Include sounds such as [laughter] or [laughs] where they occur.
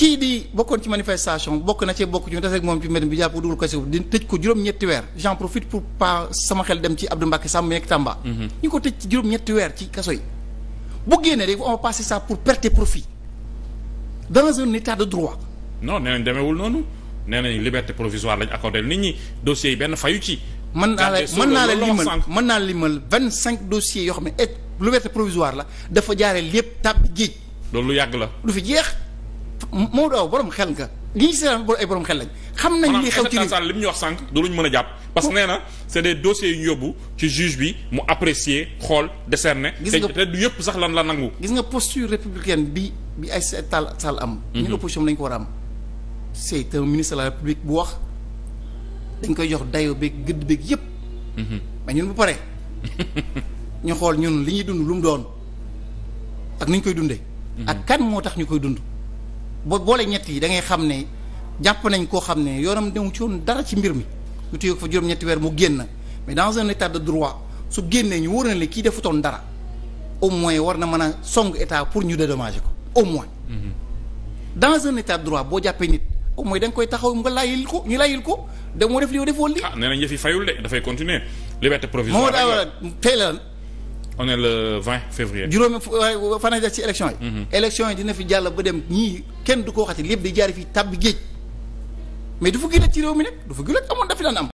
kii di bokkoon ci manifestation bokk na ci bokk ci ñu def rek moom ci mbedd bi jàpp dugal ko di tëj ko juróom-ñetti weer j'en profite pour pas sama xel dem ci Abdou Mbacké Samb mi nekk Tamba. Mhm. ñu ko tëj ci juróom-ñetti weer ci kaso yi bu génnee rek on va passer ça pour perte profit dans un état de droit. non nee nañ demeewul noonu nee nañ liberté provisoire lañ accordé nit ñi dossiers yi benn fayu ci. mën naa la mën naa la limal mën naa la limal vingt cinq dossiers yoo xam ne et liberté provisoire la dafa jaaree lépp tàbbi géej. loolu lu yàgg la du fi Maodo Awa borom xel nga li ñu seetaan ay borom xel lañ. xam nañ li xew ci li mu ñu wax sànq mën a jàpp. parce que nee na c'est des dossiers yu ñu yóbbu ci juge bi mu apprécier xool décerner. gis nga te du yëpp sax lan la nangu. gis nga posture républicaine bi bi ay taal taal am. ñu mhm. opposition lañ ko war a am. c'est un ministre de la république bu wax dañ koy jox dayoo beeg gëdd beeg yëpp. Mhm. mais ñun bu pare [laughs] ñu xool ñun li ñuy dund lu mu doon ak ni ñu koy dundee. Mhm. ak kan moo tax ñu koy dund. boo boole ñett yi da ngay xam ne jàpp nañ koo xam ne yoonam dem ci woon dara ci mbir mi ñu téye ko fa juróom-ñetti weer mu génn mais dans un état de droit su génnee ñu wóor na ne kii defutoon dara au moins war na mën a song état pour ñu dédommager ko au moins. Mm-hmm. dans un état de droit boo jàppee nit au moins da nga koy taxaw nga laayil ko ñu laayil ko da moo def li defoo lii. ah nee nañ yëf yi fayul de dafay continuer liberté provisoire tey la on est le 20 février. juróomi euh, fan ci élection yi. Mm-hmm. élection dina fi jàll ba dem ñii. kenn du ko waxati lépp day jaari fii tàbbi géej mais du fa gën a ci réew mi nag du fa gën a amoon dafi daan am